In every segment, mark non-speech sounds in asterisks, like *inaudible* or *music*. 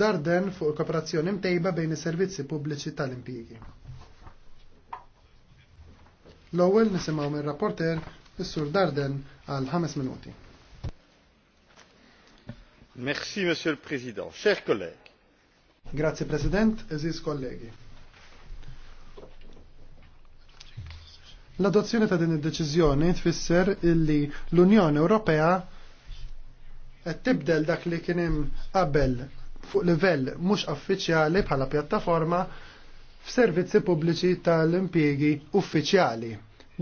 Darden fuq kooperazzjoni mtejba bejn is-servizzi pubbliċi tal-impjiegi. L-ewwel nisimgħu mir-rapporter is-Sur Darden għal ħames minuti. Merci, Monsieur le Président. Chers collègues. Grazie, President. Eżis kollegi. L-adozzjoni ta' din id-deċiżjoni tfisser illi l-Unjoni Ewropea qed tibdel dak li kien hemm qabel fuq livell mhux uffiċjali bħala pjattaforma f'servizzi pubbliċi tal-impjiegi uffiċjali.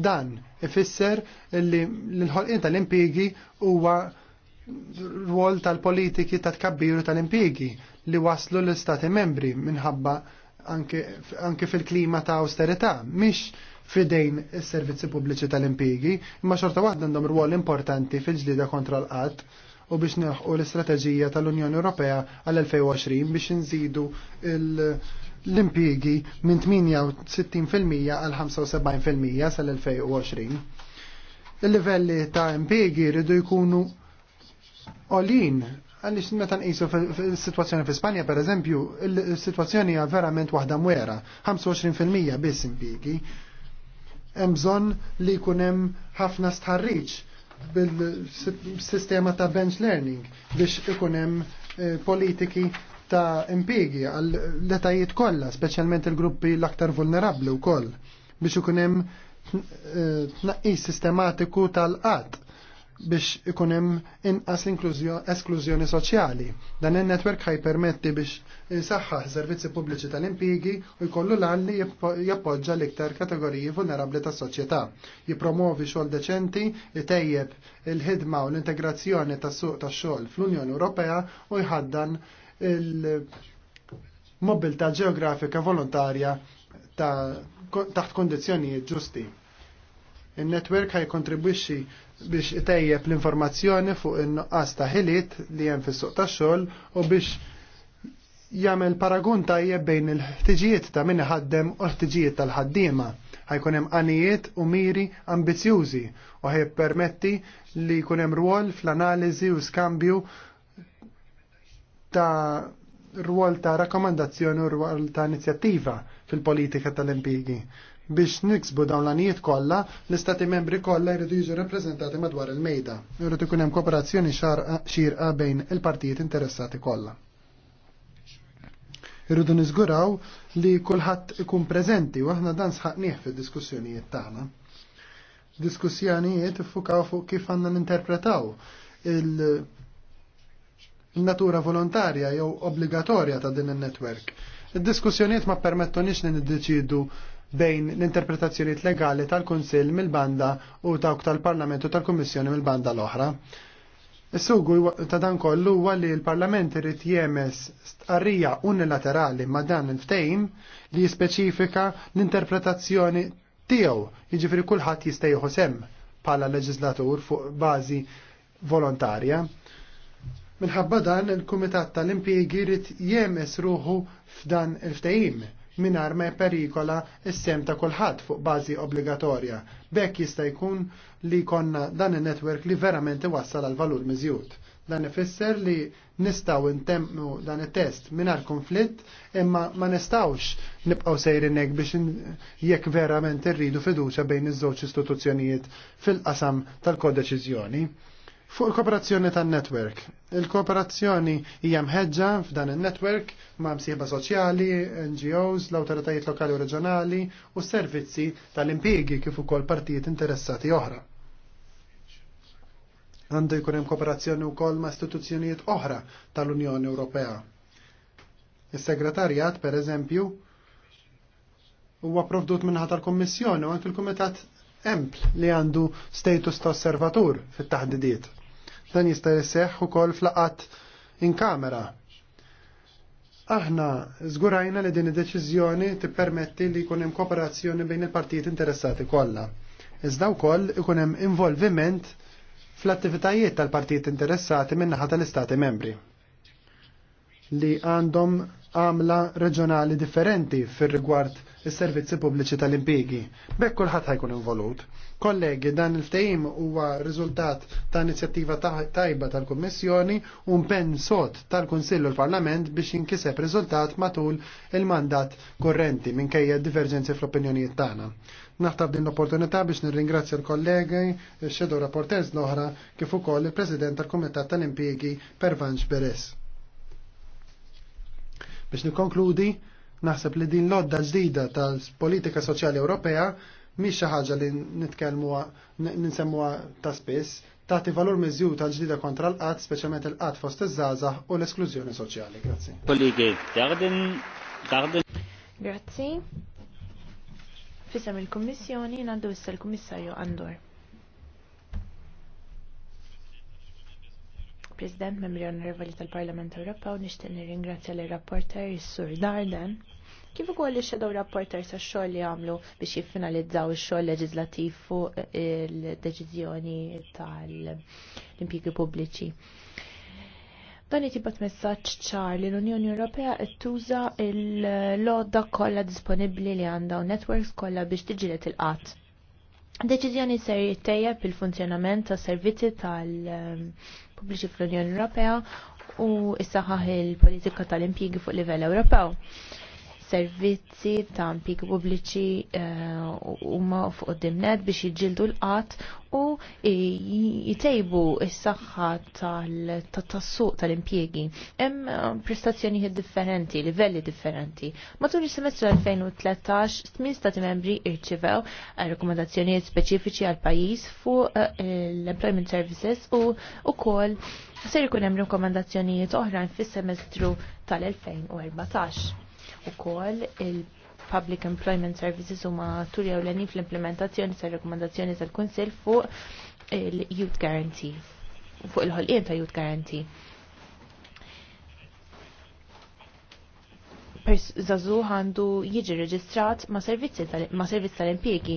Dan ifisser li l-ħolqien tal-impjiegi huwa rwol tal-politiki ta' tkabbiru tal-impjiegi li waslu l-istati membri minħabba anke fil-klima ta' austerità, mhix fidejn is-servizzi pubbliċi tal-impjiegi, imma xorta waħda għandhom rwol importanti fil-ġlida kontra l-qatt u biex neħu l-istrateġija tal-Unjoni Ewropea għal-2020 biex nżidu l impiegi minn 68% għal 75% sal-2020. Il-livelli ta' impiegi rridu jkunu olin għalix meta nqisu fil-situazzjoni fi Spanja per eżempju, il-situazzjoni hija verament waħda mwera, 25% biss impjiegi. Hemm bżonn li jkun hemm ħafna stħarriġ bil-sistema ta' bench learning biex ikunem eh, politiki ta' impiegi għal letajiet kollha, speċjalment il-gruppi l-aktar vulnerabli wkoll biex ikun hemm eh, tnaqqis sistematiku tal-qatt biex ikunem inqas esklużjoni soċjali. Dan il-netwerk ħajpermetti biex insaħħaħ servizzi pubbliċi tal-impigi u jkollu l għalli jappoġġa l-iktar kategoriji vulnerabli tas soċjetà Jipromovi xogħol deċenti, jtejjeb il-ħidma u l-integrazzjoni tas suq tax xogħol fl-Unjoni Ewropea u jħaddan il-mobilta ġeografika volontarja taħt ta kondizjonijiet ġusti. Il-netwerk ħaj kontribwixxi biex itejjeb l-informazzjoni fuq in-nuqqas ta' ħiliet li hemm fis-suq tax-xogħol u biex jagħmel paragun tajjeb bejn il-ħtiġijiet ta' min ħaddem u l-ħtiġijiet tal-ħaddiema. Ħajkun hemm għanijiet u miri ambizzjużi u ħaj permetti li jkun hemm rwol fl-analiżi u skambju ta' rwol ta' rakkomandazzjoni u rwol ta' inizjattiva fil-politika tal-impjigi. Biex niksbu dawn l-anijiet kollha, l-istati membri kollha jridu jiġu rappreżentati madwar il-mejda. Jridu ikun hemm kooperazzjoni xirqa bejn il-partijiet interessati kollha. Irridu niżguraw li kulħadd ikun preżenti u aħna dan sħaqnieh fid-diskussjonijiet tagħna. Diskussjonijiet ifukaw fuq kif għandna ninterpretaw il- natura volontarja jew obbligatorja ta' din il-network. Id-diskussjoniet ma permettonix li niddeċidu bejn l-interpretazzjoniet legali tal-Kunsill mill-banda u dawk tal-Parlamentu tal-Kummissjoni mill-banda l-oħra. Is-sugu ta' dan kollu huwa li l-Parlament irid jemes stqarrija unilaterali ma' dan il-ftejm li jispeċifika l-interpretazzjoni tiegħu, jiġifieri kulħadd jista' jieħu sem bħala leġislatur fuq bażi volontarja. Minħabba dan il-Kumitat tal-Impjegi irid jemes ruħu f'dan il-ftehim minar ma perikola is-sem ta' kulħadd fuq bażi obbligatorja. Bekk jista' jkun li konna dan in netwerk li verament iwassal għal valur miżjud. Dan ifisser li nistaw intemmu dan it-test minar konflitt imma ma nistawx nibqgħu sejrinek biex jekk verament irridu fiduċa bejn iż-żewġ istituzzjonijiet fil-qasam tal-kodeċiżjoni. Fuq il-kooperazzjoni tan-netwerk. Il-kooperazzjoni hija mħeġġa f'dan in-netwerk ma' msieba soċjali, NGOs, l-awtoritajiet lokali u reġjonali u s servizzi tal-impjiegi kif ukoll partijiet interessati oħra. Għandu jkun hemm kooperazzjoni wkoll ma' istituzzjonijiet oħra tal-Unjoni Ewropea. Is-segretarjat, pereżempju, huwa provdut minnaħa tal-Kommissjoni u anke l-Kumitat Empl li għandu status ta' osservatur fit-taħdidiet. Dan jista' jseħħ ukoll flaqat in kamera. Aħna żgurajna li din id-deċiżjoni tippermetti li jkun hemm kooperazzjoni bejn il-partijiet interessati kollha. Iżda wkoll ikun hemm involviment fl-attivitajiet tal-partijiet interessati min-naħa tal-Istati membri li għandhom għamla reġjonali differenti fir rigward is-servizzi pubbliċi tal-impjegi. Bekk kulħadd ħajkun involut. Kollegi, dan il tejm huwa riżultat ta' inizjattiva tajba tal-Kummissjoni u mpenn sod tal-Kunsill u l-Parlament biex jinkiseb riżultat matul il-mandat korrenti minkejja divergenzi fl-opinjonijiet tagħna. Naħtab din l-opportunità biex nirringrazzja l-kollegi, il-Shadow rapportez l-oħra, kif ukoll il-President tal-Kumitat tal-Impjegi Pervanġ Beres. Biex nikkonkludi, naħseb li din lodda ġdida tal-politika soċjali Ewropea mhix xi ħaġa li nitkellmuha ninsemmuha ta' spiss, tagħti valur miżjud tal-ġdida kontra l-qatt, speċjalment il-qatt fost iż-żgħażagħ u l-esklużjoni soċjali. Grazzi. Kollegi, Grazzi. Fisem il-Kummissjoni ngħaddu issa l-Kummissarju Andor. President, membri onorevoli tal-Parlament Ewropew, nixtieq nirringrazzja lir rapporter is-Sur Darden. Kif ukoll ix-shadow rapporter sa xogħol li għamlu biex jiffinalizzaw ix-xogħol leġislattiv fuq il-deċiżjoni tal-impjiegi pubbliċi. Dan jitibat messaġġ ċar li l-Unjoni Ewropea qed tuża l-lodda kollha disponibbli li għandha u networks kollha biex tiġilet il-qatt Deċiżjoni ser jittejja il-funzjonament ta' servizzi tal ehm, publiċi fl-Unjoni Ewropea u issaħħaħ il-politika tal-impjigi fuq livell Ewropew servizzi ta' impjiegi pubbliċi eh, huma fuq dimnet biex jġildu l-qatt u jitejbu s-saħħa tas-suq tal-impjiegi. Hemm eh, prestazzjonijiet differenti, livelli differenti. Matul is-semestru 2013, tmien stati membri irċivew eh, rekomendazzjonijiet speċifiċi għal pajjiż fuq l-employment services u wkoll ser jkun hemm rekomendazzjonijiet oħrajn fis-semestru tal-2014 ukoll il-Public Employment Services huma l ewlenin fl-implementazzjoni tal-rekomandazzjoni tal-Kunsill fuq il-Youth Guarantee fuq il-ħolqien ta' Youth Guarantee. Zazu għandu jiġi reġistrat ma' servizzi tal-impjegi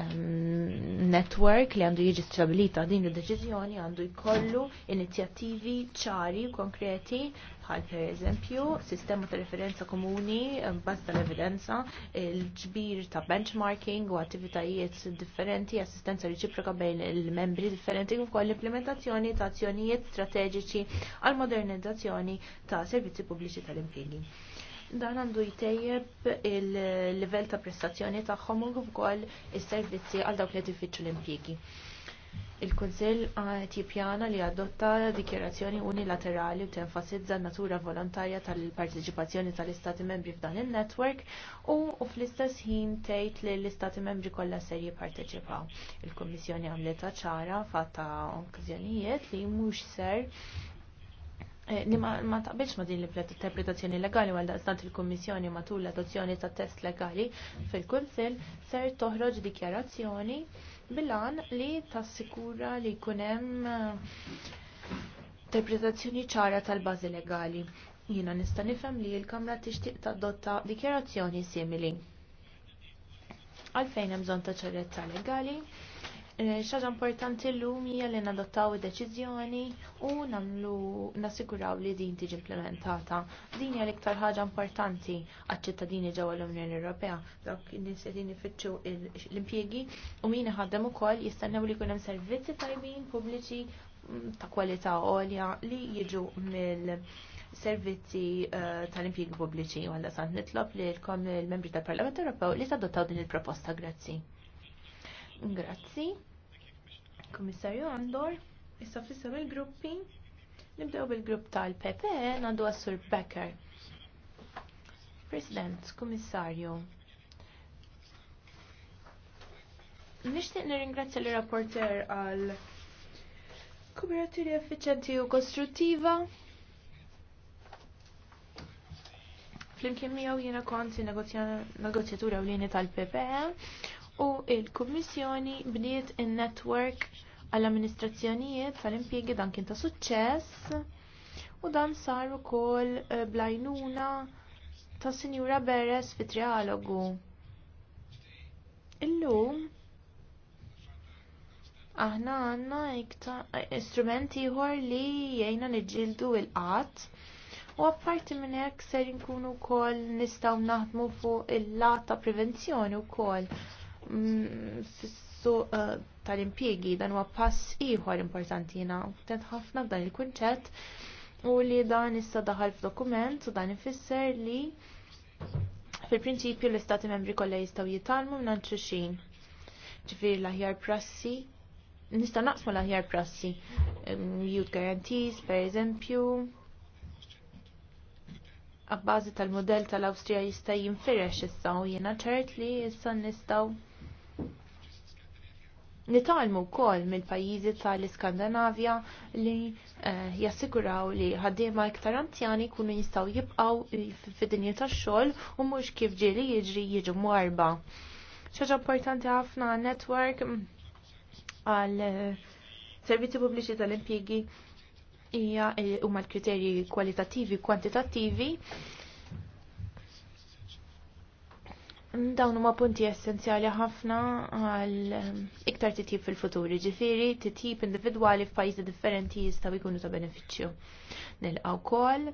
Um, network li għandu jiġi stabilita din il-deċizjoni għandu jkollu inizjattivi ċari, konkreti, bħal per eżempju sistema ta' referenza komuni um, bazz tal-evidenza, il-ġbir ta' benchmarking u attivitajiet differenti, assistenza reċiproka bejn il-membri differenti u koll l-implementazzjoni ta' azzjonijiet strateġiċi għal modernizzazzjoni ta' servizzi pubbliċi tal-impjegi. Dan għandu jtejjeb il-livell ta' prestazzjoni tagħhom u wkoll is-servizzi għal dawk li tifittxu l-impjiegi. Il-Kunsill tipjana li adotta dikjerazzjoni unilaterali u tenfasizza n-natura volontarja tal parteċipazzjoni tal-Istati membri f'dan il-network u fl-istess ħin tgħid li l-Istati membri kollha ser jipparteċipaw. Il-Kummissjoni għamlet ċara fatta okkażjonijiet li mhux ser Eh, ni ma taqbilx ma din li blet interpretazzjoni legali għal daqstant il-Kommissjoni matul l-adozzjoni ta' test legali fil-Kunsil ser toħroġ dikjarazzjoni bilan li tassikura li kunem eh, interpretazzjoni ċara tal-bazi legali. Jina nista' nifhem li l-Kamra tixtieq tadotta dikjarazzjoni simili. Għalfejn hemm bżonn ta' ċerrezza legali Eh, xaġa importanti l-lum hija li nadottaw id-deċiżjoni u namlu nassiguraw li din tiġi implementata. Din hija l-iktar ħaġa importanti għaċ-ċittadini ġewwa l-Unjoni Ewropea. Dawk in-nies qegħdin ifittxu l-impjiegi u min iħaddem ukoll jistennew li jkun hemm servizzi tajbin pubbliċi mm, ta' kwalità għolja li jiġu mill servizzi eh, tal-impjiegi pubbliċi. Għalla sant nitlob li l il-membri tal-Parlament Ewropew li tadottaw din il-proposta. Grazzi. Grazzi. Komissarju Andor, issa fissam il-gruppi. Nibdew bil-grupp tal pp e, għandu għassur Becker. President, Komissarju. Nishtiq nirringrazzja l-rapporter għal kooperazzjoni effiċenti u kostruttiva flimkien miegħu jiena kont negozjatura ewlieni tal-PPE u il-Kummissjoni bniet in-network għall-amministrazzjonijiet tal-impjiegi dan kien ta' suċċess u dan sar ukoll eh, blajnuna ta' Sinjura Beres fi trialogu. Illum aħna għanna eh, istrumenti ieħor li jgħinna niġġieldu il-qatt u apparti minn hekk ser inkunu wkoll nistgħu naħdmu fuq il-lat ta' prevenzjoni wkoll fis-suq mm, uh, tal-impjiegi dan huwa pass ieħor importanti jiena tent ħafna f'dan il-kunċett u li dan issa daħal f'dokument u dan ifisser li fil-prinċipju l-istati membri kollha jistgħu jitalmu minn xulxin. Ġifieri l-aħjar prassi nista' naqsmu l-aħjar prassi. Um, youth guarantees, per eżempju, għabbażi tal-modell tal-Awstrija jista' jinfirex issa u jiena ċert li issa nistgħu Nitalmu kol mill-pajizi tal-Iskandinavja li eh, jassikuraw li ħaddiema iktar anzjani kunu jistaw jibqaw fid-dinja tax-xogħol u mhux kif ġieli jiġri jiġu marba. Xaġa importanti ħafna network mm, għal eh, servizzi pubbliċi tal impjiegi hija eh, huma l-kriterji kwalitattivi kwantitattivi Dawn huma punti essenzjali ħafna għal ehm, iktar titjib fil-futur, ġifiri titjib individwali f'pajjiżi differenti jistgħu jkunu ta' benefiċċju. Nilqgħu wkoll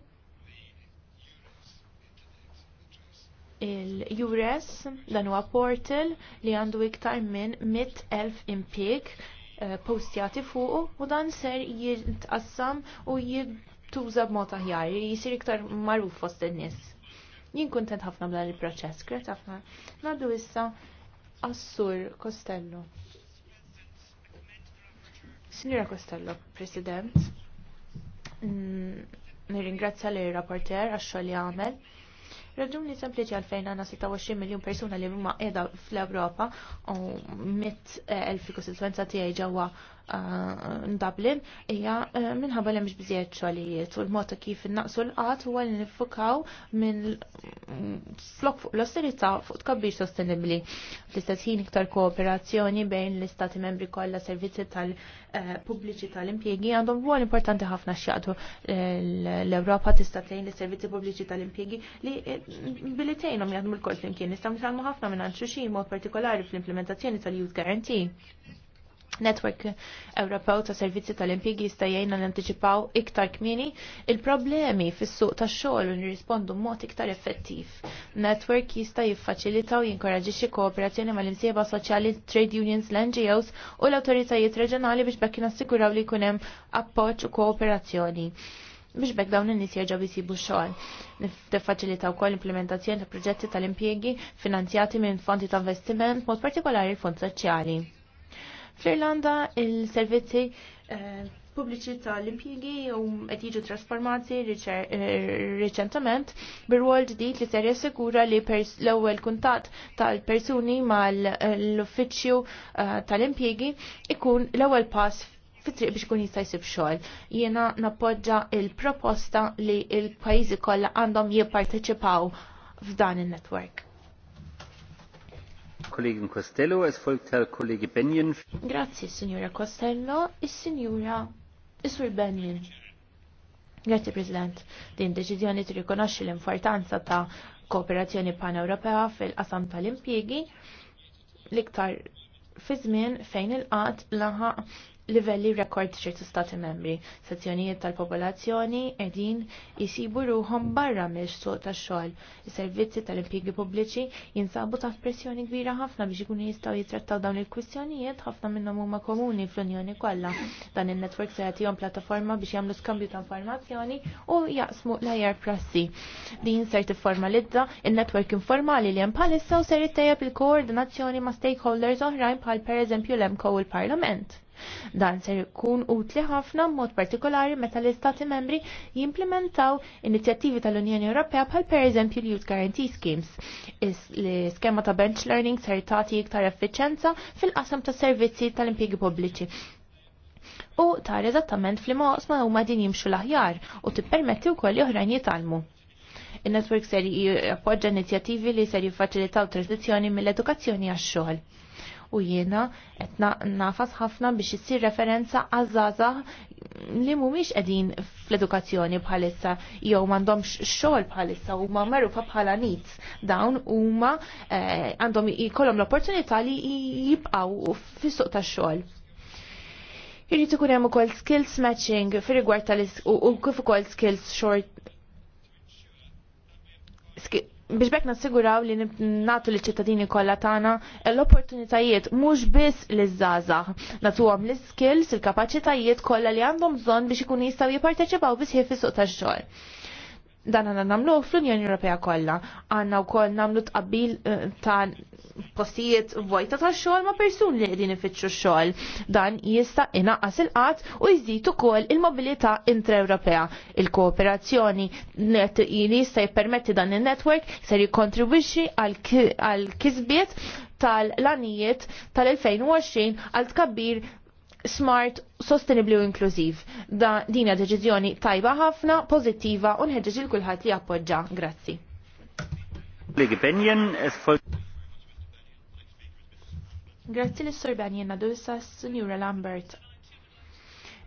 il-URES dan huwa portal li għandu iktar minn 100,000 impik eh, postjati fuq u dan ser jitqassam u jittuża b'mod aħjar, jisir iktar magħruf fost in-nies Jien kuntent ħafna bla il-proċess, kret ħafna. Naddu issa Assur Costello. Signora Costello, President, mm, nirringrazzja li rapporter għax li għamel. Raġuni sempliċi għalfejn għanna 26 miljon persuna li huma qiegħda fl-Ewropa u mit eh, elfi kostituenza tiegħi ġewwa Eh, Dublin hija eh, minħabba li mhux biżjed xogħlijiet u l-mod kif innaqsu l-qatt huwa li nifukaw minn flok fuq l-austerità fuq tkabbir sostenibbli. Fl-istess ħin iktar kooperazzjoni bejn l-istati membri kollha servizzi tal-pubbliċi eh, tal-impjiegi għandhom rwol importanti ħafna x'jaqdu l-Ewropa tista' tgħin lis-servizzi pubbliċi tal-impjiegi li bilitejnhom jaħdmu l-kol flimkien nistgħu nisalmu ħafna minn għand mod partikolari fl-implementazzjoni tal-Youth Guarantee Network Ewropew ta' Servizzi tal impjiegi jista' jgħinna nantiċipaw iktar kmini il-problemi fis-suq tax-xogħol u nirrispondu mod iktar effettiv. Network jista' jiffaċilita u jinkoraġixxi kooperazzjoni mal-imsieba soċjali trade unions, l-NGOs u l-awtoritajiet reġjonali biex bekk jinassiguraw li jkun hemm appoġġ u kooperazzjoni biex bekk dawn in-nies jerġgħu jsibu xogħol. Tiffaċilita wkoll implementazzjoni ta' proġetti tal-impjiegi finanzjati minn fondi ta' investiment, mod partikolari l-Fond Soċjali Fl-Irlanda il-servizzi eh, pubbliċi tal impjigi u qed jiġu trasformati eh, riċentament bir-rwol li ser jassigura li l-ewwel kuntatt tal-persuni mal-uffiċċju eh, tal impjigi ikun l-ewwel pass fitriq biex kun jista' jsib xogħol. Jiena nappoġġa il-proposta li l-pajjiżi kollha għandhom jipparteċipaw f'dan il-network. Kollegin Costello, es folgt Herr Kollege Benjen. Grazie, Signora Costello, e Signora, e Sur Benjen. Grazie, President. Din deċizjoni tirrikonoxxi l-importanza ta' kooperazzjoni pan-Ewropea fil-qasam tal-impjiegi l-iktar fi żmien fejn il-qat laħaq livelli rekord ċertu stati membri. Sezzjonijiet tal-popolazzjoni edin jisibu ruħom barra miex suq ta' xogħol. Is-servizzi tal-impjiegi pubbliċi jinsabu ta' pressjoni kbira ħafna biex ikunu jistgħu jitrattaw dawn il-kwistjonijiet ħafna minnhom huma komuni fl-Unjoni kollha. Dan in-netwerk se jagħtihom plattaforma biex jagħmlu skambju ta' informazzjoni u jaqsmu l-ajjar prassi. Din ser tifformalizza in-netwerk informali li hemm bħalissa u ser ittejjeb il-koordinazzjoni ma' stakeholders oħrajn bħal pereżempju l mco u l-Parlament. Dan ser jkun utli ħafna mod partikolari meta l-Istati membri jimplementaw inizjattivi tal-Unjoni Ewropea bħal pereżempju l-Youth Guarantee Schemes. L-skema ta' bench learning ser tagħti iktar effiċenza fil-qasam ta' servizzi tal impjiegi pubbliċi u tar eżattament fl-imma osma huma din jimxu l-aħjar u tippermetti wkoll li oħrajn jitalmu. Il-network ser jappoġġa inizjattivi li ser jiffaċilitaw tranzizzjoni mill-edukazzjoni għax-xogħol u jiena qed nafas ħafna biex issir referenza għażaża li mhumiex qegħdin fl-edukazzjoni bħalissa jew m'għandhomx xogħol bħalissa huma magħrufa bħala nit dawn huma eh, għandhom jkollhom l-opportunità li jibqgħu fis-suq tax-xogħol. Irrid ikun hemm ukoll skills matching fir-rigward tal u kif ukoll skills short biex bekk nassiguraw li natu li ċittadini kollha tagħna l-opportunitajiet mhux biss li natu nagħtuhom l-skills, il-kapaċitajiet kollha li għandhom bżonn biex ikun jistgħu jipparteċipaw bisħieq fis-suq tax-xogħol dan għanna namlu fl-Unjoni Ewropea kollha. Għanna wkoll namlu tqabbil eh, ta' postijiet vojta ta' xogħol ma' persuni li qegħdin ifittxu xogħol. Dan jista' inaqqas il-qatt u jżid ukoll il-mobilità intra-Ewropea. Il-kooperazzjoni li jista' jippermetti dan in-network ser jikkontribwixxi għal kisbiet tal-lanijiet tal-2020 għal tkabbir smart, sostenibli u inklużiv. Da dinja deċiżjoni tajba ħafna, pozittiva u nħeġġeġ il kulħadd li appoġġa. Grazzi. Grazzi l sorbanjen għadu issa Signora Lambert.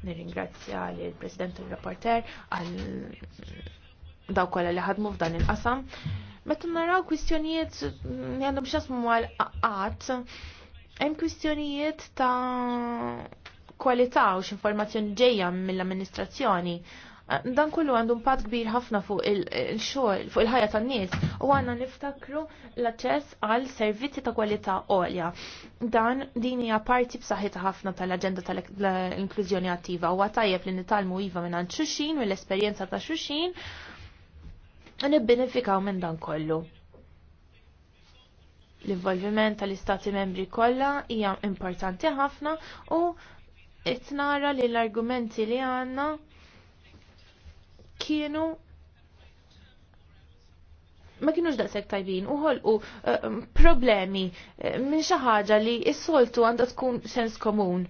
Nirringrazzja l president u l-rapporter għal daw kolla li ħadmu f'dan il-qasam. Meta naraw kwistjonijiet li mm, għandhom xasmu għal qatt, hemm kwistjonijiet ta' kwalità u x'informazzjoni ġeja mill-amministrazzjoni. Eh, dan kollu għandu impatt kbir ħafna fuq eh, il-xogħol, fuq il-ħajja tan-nies u għandna niftakru l-aċċess għal servizzi ta' kwalità għolja. Dan din hija parti b'saħħitha ħafna tal-aġenda tal-inklużjoni attiva u għatajjeb li nitalmu iva minn għand xuxin u l-esperjenza ta' xuxin nibbenefikaw minn dan kollu l-involviment tal-istati membri kollha hija importanti ħafna u itnara li l-argumenti li għanna kienu ma kienux daqseg tajbin u uh, eh, eh, problemi uh, minn xi ħaġa li s-soltu għandha tkun sens komun.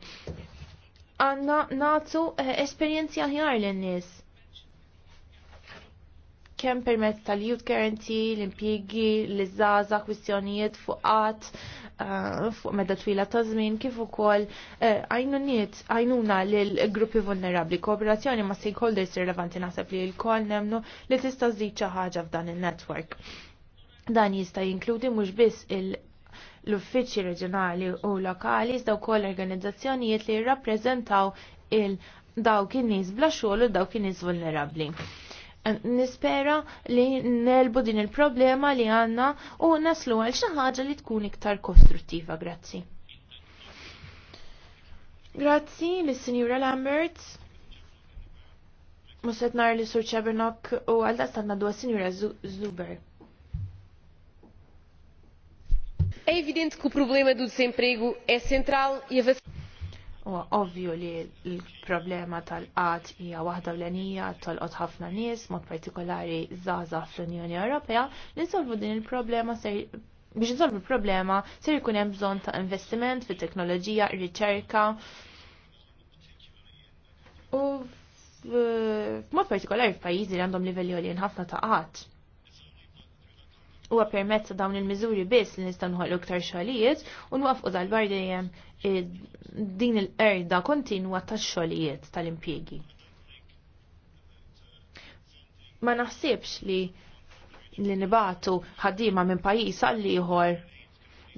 Għanna natu uh, esperjenzi aħjar lin-nies. Kemm permezz tal-youth guarantee, l-impjigi, l-żaza, kwistjonijiet fuqat, uh, Eh, fuq medda twila ta' żmien kif ukoll eh, għajnuniet għajnuna lil gruppi vulnerabbli kooperazzjoni ma' stakeholders rilevanti naħseb li l-kol nemnu li tista' żdid xi ħaġa f'dan il-network. Dan jista' jinkludi mhux biss il- l-uffiċċji reġjonali u lokali iżda wkoll organizzazzjonijiet li jirrappreżentaw il dawk in-nies bla xogħol u dawk in-nies vulnerabbli. Nispera li nelbu din il-problema li għanna u naslu għal xaħġa li tkun iktar kostruttiva, grazzi. Grazzi lis-Sinjura Lambert. Muset nar li sur ċabernok u għalda stanna dwa sinjura Zuber. É evidente que o problema do desemprego é central e a U ovvju li l-problema tal-qat hija waħda l-enija tolqot ħafna nies, mod partikolari zaza fl-Unjoni Ewropea, li nsolvu din il-problema ser biex nsolvu il-problema ser ikun hemm bżonn ta' investiment fit teknoloġija riċerka. U eh, mod partikolari f'pajjiżi li għandhom livelli għolien ħafna ta' qatt huwa permezz ta' dawn il-miżuri biss li nistgħu nħollu iktar xogħlijiet u nwafqu dal-bar dejjem din il-qerda kontinwa tax-xogħlijiet tal-impjiegi. Ma naħsibx li li nibatu ħaddiema minn pajjiż għal ieħor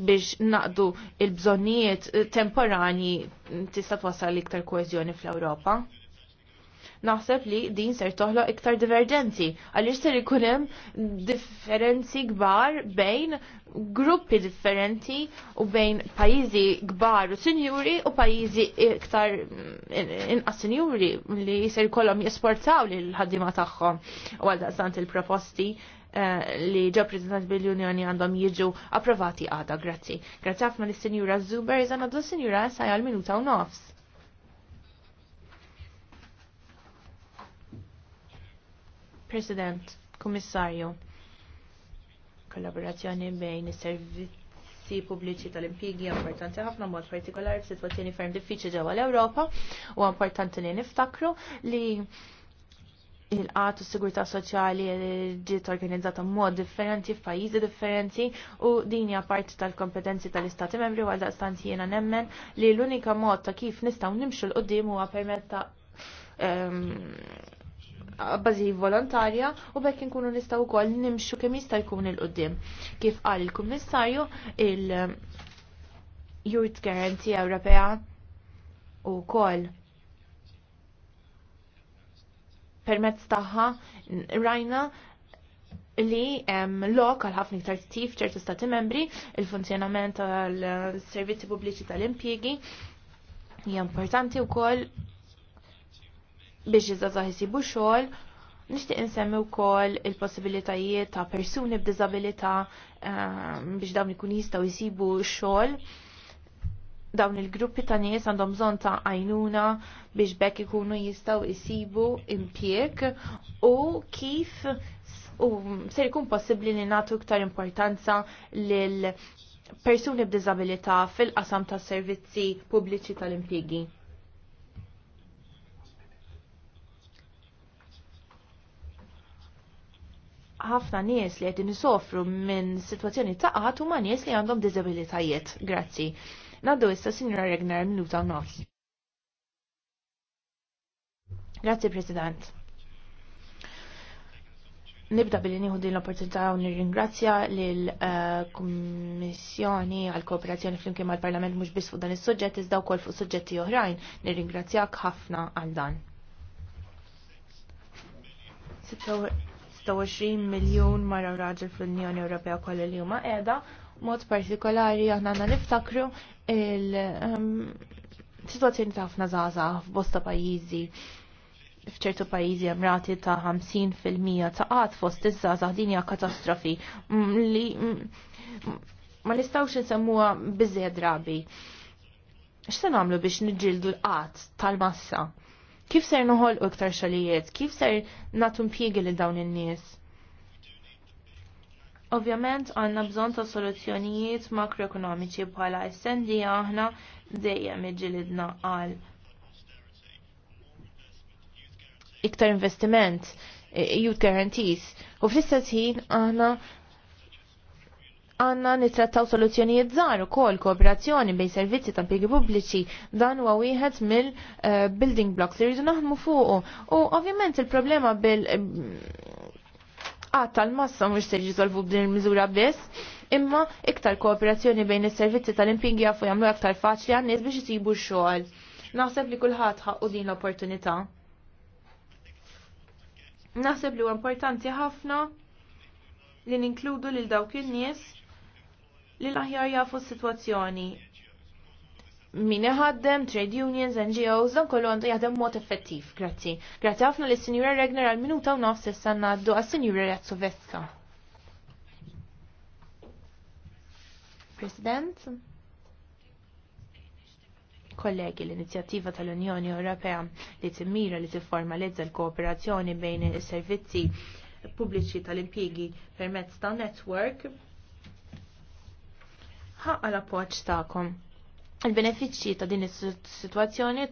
biex naqdu il-bżonnijiet temporani tista' twassal iktar koeżjoni fl-Ewropa naħseb li din ser toħloq iktar divergenzi. Għaliex ser ikun hemm differenzi kbar bejn gruppi differenti u bejn pajjiżi gbar u sinjuri u pajjiżi iktar inqas sinjuri li ser kolom jesportaw l ħaddima tagħhom u għal daqstant il-proposti eh, li ġo prezentat bil-Unjoni għandhom jiġu approvati għada, grazzi. Grazzi għafna l-Senjura Zuber, jizan għadu s senjura sajal minuta u nofs. President, Kummissarju, kollaborazzjoni bejn is-servizzi pubbliċi tal-impjigi importanti ħafna mod partikolari f'sitwazzjoni ferm diffiċli ġewwa l-Ewropa u importanti li niftakru li il qatu u s-sigurtà soċjali ġiet organizzata mod differenti f'pajjiżi differenti u din hija parti tal-kompetenzi tal-Istati Membri u daqstant jiena nemmen li l-unika mod ta' kif nistgħu nimxu l-qudiem huwa permezz ta' ehm, bażi volontarja u bekk inkunu nistgħu wkoll nimxu kemm jista' jkun il qudiem Kif qal il-Kummissarju il- Youth Guarantee Ewropea u koll permezz tagħha rajna li hemm lok għal ħafna iktar tif ċertu stati membri il-funzjonament tal-servizzi pubbliċi tal-impjiegi hija importanti wkoll biex iżazah jisibu xogħol, nixtieq insemmi wkoll il-possibilitajiet ta' persuni b'diżabilità ehm, biex dawn ikun jistgħu jisibu xogħol. Dawn il-gruppi ta' nies għandhom bżonn ta' għajnuna biex bekk ikunu jistgħu jisibu impjek u kif u ser ikun possibbli li nagħtu iktar importanza lil persuni b'diżabilità fil-qasam tas servizzi pubbliċi tal-impjegi. ħafna nies li għedin nisofru minn sitwazzjoni ta' qatt huma nies li għandhom diżabilitajiet. Grazzi. Naddu issa Sinjora Regner minuta u nofs. Grazzi President. Nibda billi nieħu din l-opportunità u nirringrazzja lill eh, kummissjoni għal kooperazzjoni flimkien mal-Parlament mhux biss fuq dan is-suġġett iżda wkoll fuq suġġetti oħrajn. Nirringrazzjak ħafna għal dan. 26 miljon mara raġel fl-Unjoni Ewropea kollha li huma qiegħda, mod partikolari aħna għandna niftakru il ehm, situazzjoni ta' ħafna żgħażagħ f'bosta pajjiżi f'ċertu pajjiżi hemm rati ta' 50% ta' qatt fost iż-żgħażagħ din hija katastrofi li ma nistgħux insemmuha biżejjed drabi. X'se nagħmlu biex niġġieldu l-qatt tal-massa? Kif ser noħol u iktar xalijiet? Kif ser natum piegi li dawn in-nies? Ovvjament għanna bżon ta' soluzzjonijiet makroekonomiċi bħala essendi aħna dejjem iġilidna għal iktar investiment, youth guarantees. U fl-istess ħin aħna għanna nitrattaw soluzzjonijiet żgħar ukoll kooperazzjoni bejn servizzi ta' impjiegi pubbliċi dan huwa wieħed mill-building eh, blocks li rridu naħmu fuqu. U ovvjament il-problema bil qatt eh, tal-massa mhux se jiżolvu b'din il-miżura biss, imma iktar kooperazzjoni bejn is-servizzi tal impingi jafu jagħmlu aktar faċli għan-nies biex isibu x-xogħol. Naħseb li kulħadd ħaqqu din l-opportunità. Naħseb li huwa importanti ħafna li ninkludu lil dawk in-nies li l-aħjar jafu s-situazzjoni. Min ħaddem, trade unions, NGOs, dan kollu għandu jaħdem mod effettiv, grazzi. Grazzi ħafna li s-Sinjura Regner għal-minuta u nofs issa għaddu għas-Sinjura Jazzoveska. President? kollegi l-inizjattiva tal-Unjoni Ewropea li timmira li tifformalizza l-kooperazzjoni bejn is-servizzi pubbliċi tal-impjigi permezz ta' network ħaqqa l-appoġġ tagħkom. Il-benefiċċji ta' din is-sitwazzjoni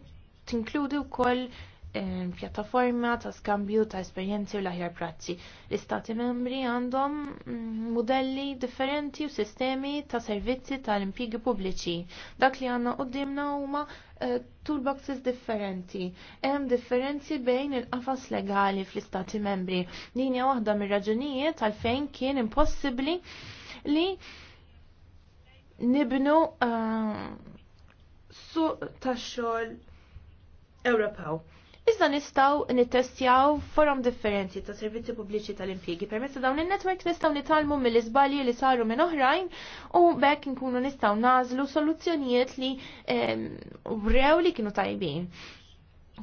tinkludi wkoll eh, pjattaforma ta' skambju ta' esperjenzi u l-aħjar prazzi. L-istati membri għandhom modelli mm, differenti u sistemi ta' servizzi tal-impjigi pubbliċi. Dak li għanna qoddimna huma eh, toolboxes differenti. Hemm differenzi bejn il-qafas legali fl-istati membri. Din hija waħda mir-raġunijiet għalfejn kien impossibbli li nibnu uh, suq tax-xogħol Ewropew. Iżda nistgħu nittestjaw forum differenti ta' servizzi pubbliċi tal impjegi permezz ta' dawn il network nistgħu nitalmu mill-iżbalji li saru minn oħrajn u bekk nkunu nistgħu nażlu soluzzjonijiet li brew li kienu tajbin.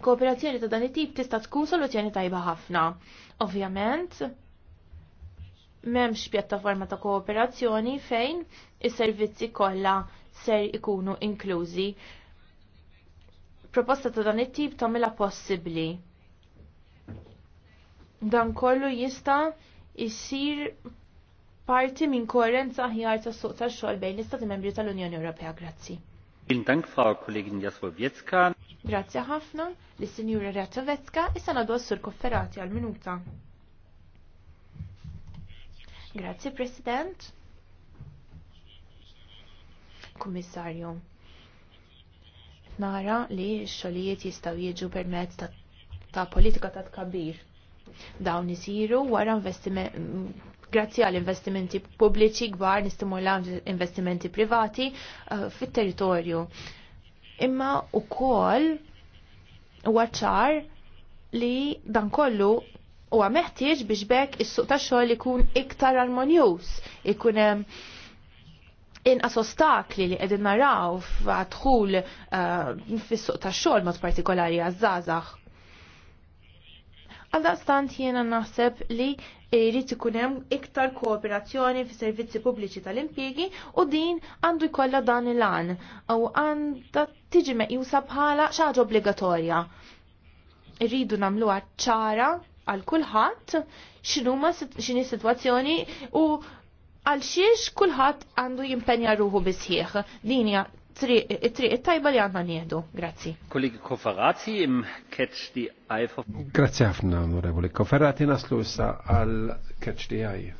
Kooperazzjoni ta' dan it-tip tista' tkun soluzzjoni tajba ħafna. Ovvjament, memx pjattaforma ta' kooperazzjoni fejn is-servizzi kollha ser ikunu inklużi. Proposta ta' dan it-tip tagħmilha possibbli. Dan kollu jista' jsir parti minn koerenza aħjar tas suq tax-xogħol bejn l-Istati Membri tal-Unjoni Ewropea. Grazzi. Vielen Dank, Frau Kollegin Jasłowiecka. Grazie ħafna, l-Sinjura Ratovetska, issa nadu s-sur kofferati għal-minuta. Grazzi, President. Kummissarju, nara li x-xogħlijiet jistgħu jiġu permezz ta', ta politika ta' tkabbir. Dawn isiru wara investiment grazzi għal investimenti pubbliċi gbar nistimula investimenti privati uh, fit-territorju. Imma u kol waċar li dan kollu u għameħtieġ biex bekk is-suq ta' xogħol ikun iktar armonjuż, ikun hemm inqas ostakli li qegħdin naraw f'dħul ehm, fis-suq ta' xogħol mod partikolari għaż-żgħażagħ. Għaldaqstant jiena naħseb li jrid ikun hemm iktar kooperazzjoni fis servizzi pubbliċi tal-impjiegi u din għandu jkollha dan il-għan u għandha tiġi meqjusa bħala xi ħaġa obbligatorja. Irridu nagħmluha ċara għal kulħadd x'inhuma x'inhi sitwazzjoni u għal xiex kulħadd għandu jimpenja ruħu bisħieħ. Dinja tri it-triq it-tajba li għandna nieħdu. Grazzi. Kollegi Koferati im catch di eye for Grazzi ħafna onorevoli Koferati naslu issa għal catch di eye.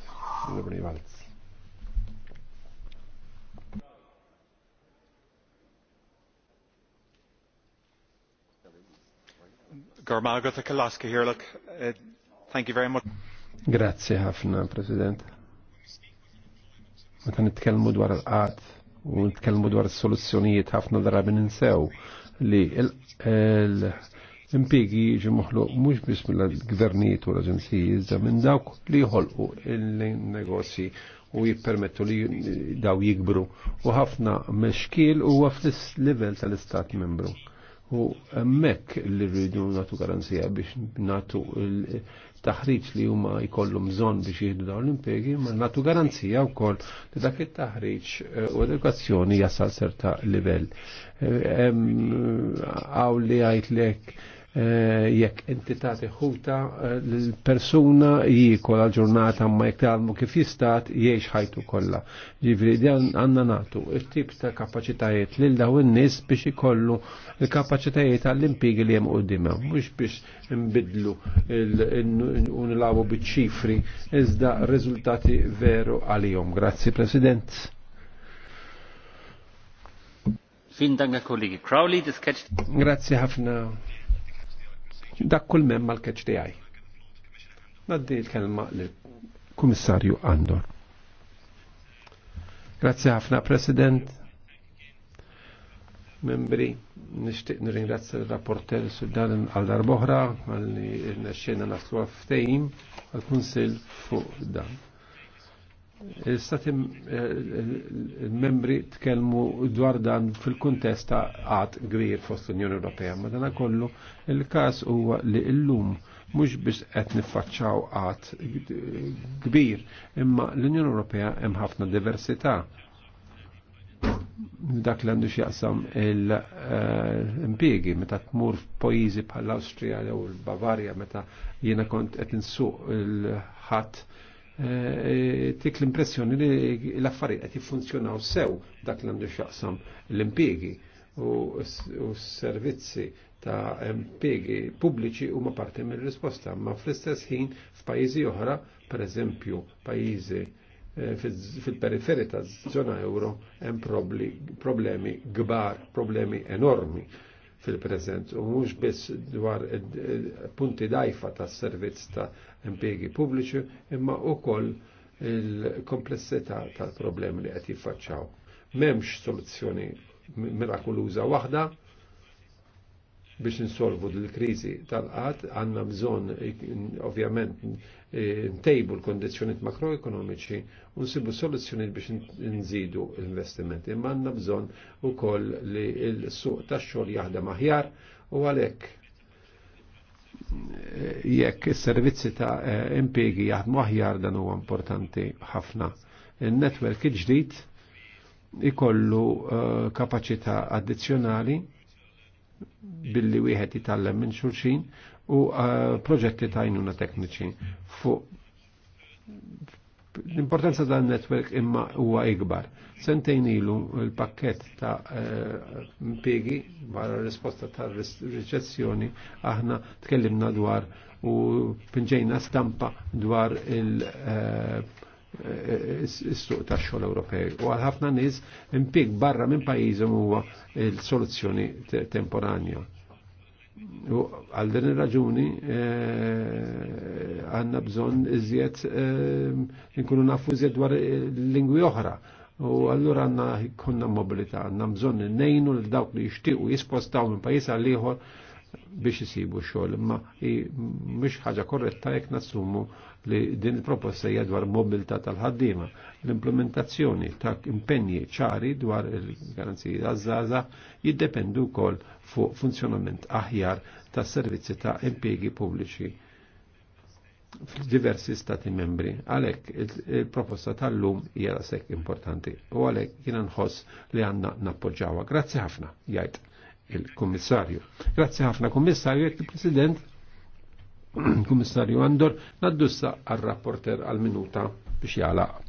Uh, Grazzi ħafna, President. Meta nitkellmu dwar il-qat u nitkellmu dwar is-soluzzjonijiet ħafna drabi ninsew li l-impigi jiġu moħluq mhux biss mill-gvernijiet u l-aġenziji iżda minn dawk li jħolqu il-negozji u jippermettu li daw jikbru u ħafna u huwa l level tal-istat membru U emmek li rridu natu garanzija biex natu taħriġ li huma jkollhom bżonn biex jieħdu dawn l-impjegi, ma natu garanzija wkoll li dak it-taħriġ eh, u edukazzjoni jasal serta livell. Eh, għaw li għajt lek Eh, jekk inti tagħti ħuta eh, l-persuna jikola ġurnata ma jekk tagħmu kif jistat jgħix ħajtu kollha. Ġifieri dan għandna nagħtu t tip ta' kapaċitajiet lil daw in-nies biex ikollu l-kapaċitajiet għall impigi li hemm qudiemhom, mhux biex nbidlu u nilagħbu biċ-ċifri iżda riżultati veru għalihom. Grazzi President. Vielen Dank, Herr dak kull mem mal di għaj. Naddi l-kelma l-Kummissarju Andor. Grazzi ħafna President, membri, nishtiq nirringrazzja l-rapporter Sudan għal darboħra għalli rnexxejna naslu ftehim għal kunsil fuq dan. Stati eh, membri tkellmu dwar dan fil-kuntest ta' għad gbir fost l-Unjoni Ewropea, ma dan kollu il-każ huwa li llum mhux biss qed niffaċċaw għad kbir, imma l-Unjoni Ewropea hemm ħafna diversità. Dak li għandu x'jaqsam l-impjiegi meta tmur f'pajjiżi bħall-Awstrija jew l-Bavarja meta jiena kont qed insuq il-ħadd Eh, eh, tik l-impressjoni li l-affarijiet qed jiffunzjonaw sew dak li għandu x'jaqsam l impiegi u s-servizzi ta' impjegi pubbliċi huma parti mir-risposta, ma fl-istess ħin f'pajjiżi oħra, pereżempju pajjiżi eh, fil-periferi ta' zona euro hemm problemi gbar, problemi enormi fil-preżent u mhux biss dwar punti dajfa tas-servizz ta' impjegi pubbliċi imma wkoll il-komplessità tal-problemi li qed jiffaċċaw. M'hemmx soluzzjoni mirakuluża waħda, biex insolvu l-krizi tal qad għanna bżon ovvjament e, ntejbu l-kondizjoniet makroekonomiċi u nsibu soluzzjoniet biex nżidu l-investimenti. Imma għanna bżon u koll li l-suq tax xogħol jaħdem aħjar u għalhekk e, jekk is-servizzi ta' e, impiegi jaħdmu aħjar dan huwa importanti ħafna. Il-netwerk il-ġdid ikollu kapacità addizzjonali billi wieħed jitallem minn xulxin u uh, proġetti ta' jnuna tekniċi. Fuq l-importanza ta' netwerk imma huwa ikbar. Sentejn ilu l-pakket ta' uh, impiegi wara risposta ta' riċezzjoni aħna tkellimna dwar u pinġejna stampa dwar il- uh, is-suq tax-xogħol Ewropej. U għal ħafna nies impik barra minn pajjiżhom huwa l-soluzzjoni temporanja. U għal din ir-raġuni eh, għandna bżonn iżjed eh, nkunu nafu iżjed dwar lingwi oħra. U allura għanna konna mobilita, għanna bżonn nejnu l-dawk li jishtiqu jispostaw minn pajis għal liħor biex jisibu xogħol, imma mhux ħaġa korretta jekk nassumu li din il-proposta hija dwar mobilità tal-ħaddiema. L-implementazzjoni ta' impenji ċari dwar il-garanziji għaż-żaża jiddependu wkoll fuq funzjonament aħjar tas servizzi ta' impjegi pubbliċi fil-diversi stati membri. Għalhekk il-proposta tal-lum hija sekk importanti u għalhekk jiena nħoss li għandna nappoġġawha. Grazzi ħafna, jgħid il kommissarju Grazzi ħafna Kommissarju, jek il-President, *clears throat* Kommissarju Andor, naddussa għal-rapporter għal-minuta biex jalaq.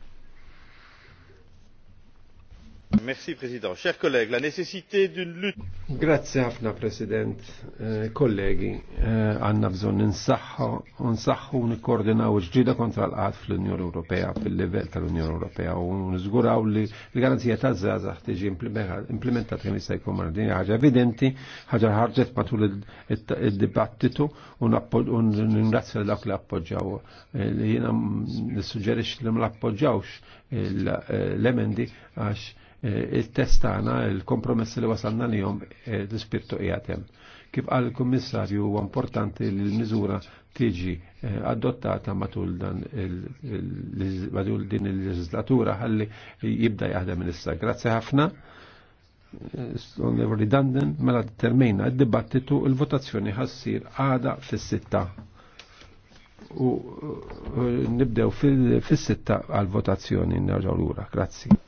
Merci, President. Cher collègue, la nécessité d'une lutte. Grazie ħafna, President. Eh, kollegi, eh, għanna bżon nsaħħu nikkoordinaw ġdida kontra l-qad fl-Unjoni Ewropea, fil-level tal-Unjoni Ewropea, u nżguraw li l-garanzija ta' zazax tiġi implementat kemm jista' jkun mardin ħaġa evidenti, ħaġa ħarġet matul il dibattitu u l dak li appoġġaw. Eh, jiena nissuġġerix li ma l-appoġġawx l-emendi għax Eh, il-testana, il-kompromessi li wasalna li jom eh, l-spirtu jgħatem. Kif għal il-kommissarju u importanti li l-mizura tiġi eh, adottata matul dan matul din il-legislatura ħalli jibda jaħdem minissa. Grazie ħafna. Onorevoli Danden, mela determina il dibattitu il-votazzjoni ħassir għada fis-sitta u nibdew fis sitta għal-votazzjoni nerġaw l-ura. Grazzi.